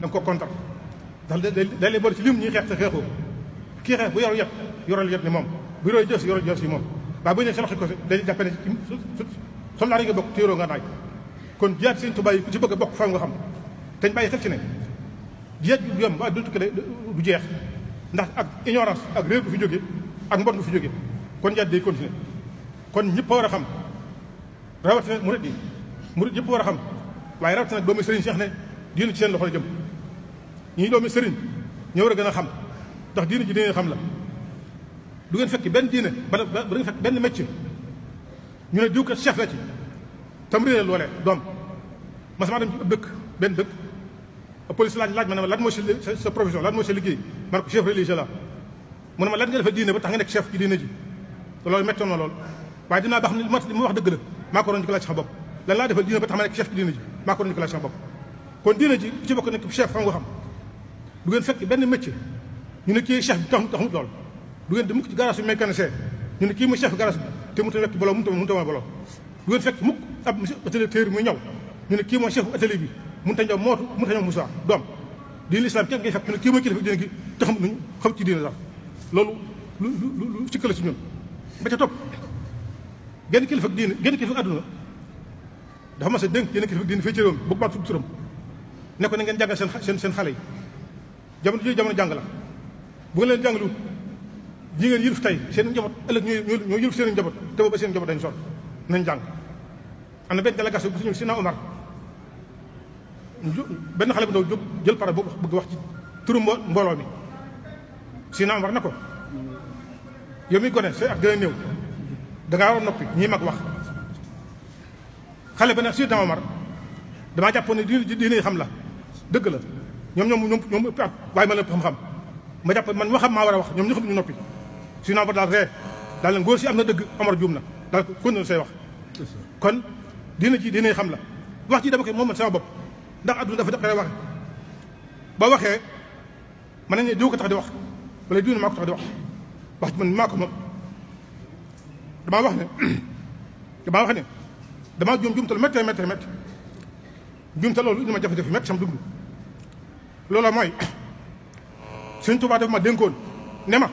da nga ko kontar ndax da da lay boole ci lim ñuy xeex te xeexoo kii xeex bu yoru yet yoral yet ni moom bu yoroo jës yoroo jës yi moom waaye bu ñu sa loxo ko dañuy jàppe ne soldaar yi nga bokk téeroo nga naaj kon jiyaat seen tubaab yi ku a bokk fa nga xam teñ bàyyi xel ci ne jiyaat bi yom waaye jeex ndax ak ignorance ak réew du fi ak mbon du fi jóge kon jiyaat day continuer kon ñëpp war a xam rawatina murid yi murid yëpp war a xam waaye rawatina doomu Serigne Cheikh ne diinu ci seen loxo la jëm ñi doomi serigne ñoo war gëna xam tax diine ji dina xam la du ngeen fekk ben diine bala ba ngeen fekk ben metti ñu ne diw ko chef la ci tam réeral loolee doom ma sama dem ci dëkk ben dëkk police laaj laaj manama ne ma lan mooy sa sa profession lan mo ci liggéey ma ko chef religieux la mu ne ma lan nga fa diine ba tax nga nekk chef ci diine ji loolu méttoon na lol waaye dina bax ni li ma wax dëgg la maa ko doon di ko laaj sama bopp lan la defal diine ba tax ma nek chef ci diine ji maa ko doon di ko laaj sama bopp kon diine ji ci bokk nek chef fa nga xam du ngeen fekk benn métier ñu ne kii chef bi taxul taxul lool du ngeen di mukk ci garage bi mécanicien ñu ne kii muy chef garage bi te mu ta wekk bolo mu ta mu ta bolo du ngeen fekk mukk ab monsieur atelier muy ñaw ñu ne kii mooy chef atelier bi mun ta ñaw mootu mun ta ñaw musaa doom diine islam kenn ngay fekk ñu ne kii mooy kilifa diine gi te xam nañu xam ci diine daal loolu lu lu sikka la si ñun ba ca topp genn kilifa diine genn kilifa àdduna dafa ma sa dénk genn kilifa diine fii ci réew mi bu baax turam ne ko na ngeen jàngal seen seen seen xale yi jamono jii jamono jàng la bu nga leen jàngaluwut ji ngeen yilif tey seen njaboot ëllëg ñoo ñooy seen njaboot te booba seen njaboot dañu sonn nañ jàng am na benn délégation bu suñu Sina Omar benn xale bi ndaw jóg jël pare bu bëgg wax ci turu mbooloo mi Omar na ko yow mi gone say ak dina néew dangaa war noppi ñii mag wax xale ba ne Sina Omar damaa jàppoon ne diine xam la dëgg la ñoom ñoom ñoom ñoom ëpp at waaye ma la ëpp xam ma man ma xam maa war a wax ñoom ñu xam ñu noppi sinon ba daal ree daal leen góor si am na dëgg Omar juum na daal kon na say wax kon dina ci dina xam la wax ci dama koy moom ma sama bopp ndax adduna dafa daqaree waxe ba waxee mën nañu diw ko tax di wax wala diw na maa ko tax di wax wax ci man maa moom damaa wax ne damaa wax ne damaa juum juum tal méttee méttee méttee juum tal loolu indi ma jafe-jafe métti sama dund loola mooy Sëñ Tuubaa daf ma dénkoon ne ma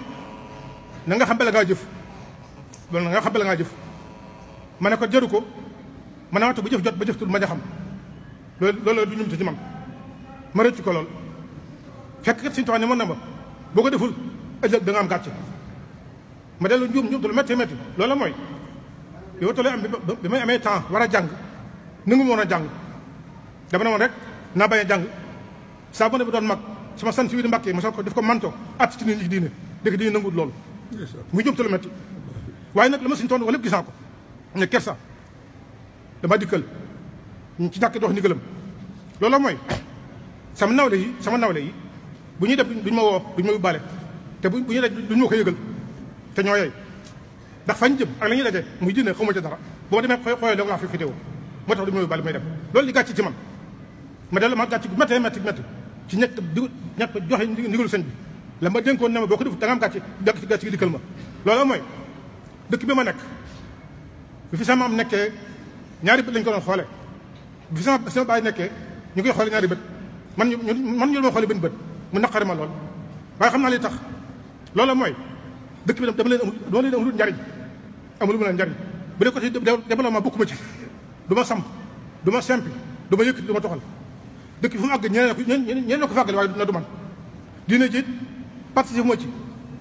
na nga xam bala ngaa jëf loolu na nga xam bala ngaa jëf ma ne ko jaru ko ma ne waxtu bu jëf jot ba jëf tul ma ja xam loolu loolu du ñum ci man ma rëcc ko lool fekk kat Sëñ Tuubaa ne mën na ma boo ko deful ëllëg da nga am gàcce ma dellu njuum njuum te lu métti mooy yow tollee am bi ma amee temps war a jàng nangu ma woon a jàng dama ne woon rek naa bañ a jàng saa bu bi doon mag sama san si biir Mbàkke ma sol ko def ko manto at ci nit ñi diine dëkk diine nanguwul loolu muy jóm tala métti waaye nag la ma suñu toon wala lépp gis naa ko am ne kersa dama dikkal ñu ci ñàkk dox ndigalam loolu mooy sama nawle yi sama nawle yi bu duñ ma woo duñ ma yóbbaale te bu ñuy def duñ ma ko yëgal te ñoo yey ndax fañ jëm ak la ñuy daje muy diine xaw ma ca dara boo demee xooy xooy looga laa fi vidéo moo tax duñ ma yóbbaale may dem loolu di gàcce ci man ma dellu ma gàcce gu méttee métti métti ci ñett di ñett joxe ndigalu sëñ bi la ma dénkoon ne ma boo ko def da nga am gàcce gàcce gàcce gi dikkal ma loolu dëkk bi ma nekk bi fi sama am nekkee lañ ko doon bi fi sama sama ñu koy xoole ñaari bët man ñu man ñu ma benn bët mu naqari ma lool waaye xam naa li tax loolu mooy dëkk bi dama leen amul dama leen amul njariñ amul mu leen njariñ bu dem côté développement bokkuma ci du ma samp du ma simpi du ma yëkk du ma toxal dëkk bi fu mu àgg ñeneen ñeneen ñoo ko fàggale waaye na du man diine ji participe moo ci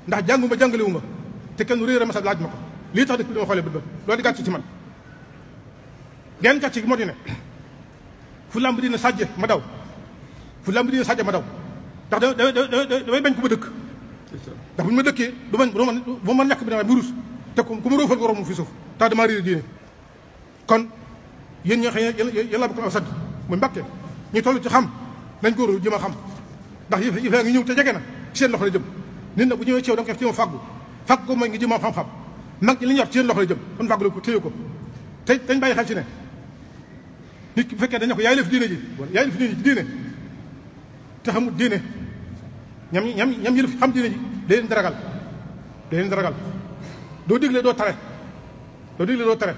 ndax jànguma jàngale wu ma te kenn réer a masal laaj ma ko lii tax dëkk bi dama ba loolu di ci man gi moo di ne fu lamb dina sàjje ma daw fu lamb dina sàjje ma daw ndax da damay bañ ku ma dëkk ndax bu ñu ma dëkkee du man bu ma lekk bi dama mu te ku ma róofal nga fi suuf tax damaa réer diine kon yéen ñoo xam ne yéen laa bëgg ko aw sant muy mbàkkee ñu toll ci xam nañ góoru jëm a xam ndax yëfee ngi ñëw te jege na seen loxo la jëm nit na bu ñëwee ci yow da nga ko ci ma fàggu fàggu mooy ngi jëma xam-xam mag ñi li ñu wax ci seen loxo la jëm kon fàggu ko téye ko te dañ bàyyi xel ci ne nit ki bu fekkee dañ ko yaay la fi diine ji yaay la fi diine ji diine te xamul diine ñam ñam ñam yëlëf xam diine ji day leen daragal day leen daragal doo digle doo tare doo digle doo tare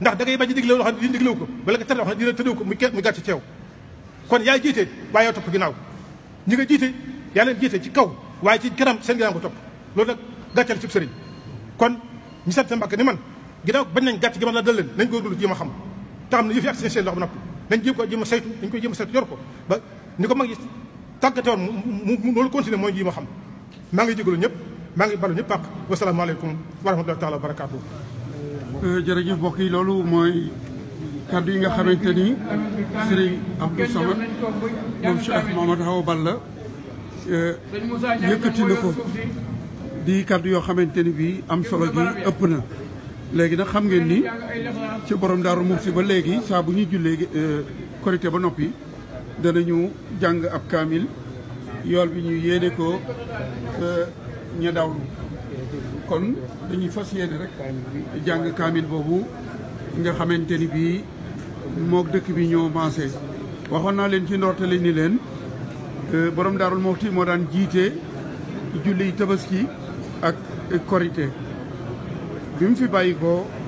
ndax da ngay bañ a digle loo xam ne diine diglewu ko bala nga tare loo xam ko mu gàcce ceew kon yaa jiite waaye yow topp ginaaw ñi nga jiite yaa leen jiite ci kaw waaye ci kanam seen ginnaaw nga topp loolu nag gàccal cib sëriñ kon ñu sant seen mbàkk ni man ginnaaw bañ nañ gàcc gi man la dal leen nañ góorgóorlu jéem a xam te xam ne yëf yi ak seen seen loxo noppi nañ jéem ko jéem a saytu dañ koy jéem a saytu yor ko ba ni ko mag yi tàggate woon mu loolu continuer mooy jéem ma xam maa ngi jégalu ñëpp maa ngi balu ñëpp pàq wasalaamaaleykum wa rahmatullahi taala wa barakaatu euh, jërëjëf mbokk yi loolu mooy kaddu yi nga xamante ni Serigne Abdou Samad moom Cheikh Mamadou Hawa Balla eh, yëkkati na ko di kaddu yoo xamante ni bii am solo gi ëpp na. léegi nag xam ngeen ni ci borom daaru Muxti ba léegi saa bu ñuy jullee eh, korité ba noppi danañu jàng ab kaamil yool bi ñuy yéene ko eh, ña daw kon dañuy fas yéene rek jàng kaamil boobu nga xamante ni bii. moog dëkk bi ñoo maase waxoon naa leen ci la ni leen euh, borom daarul moxti moo daan jiite julli tabaski ak korité bi mu fi bàyyi ko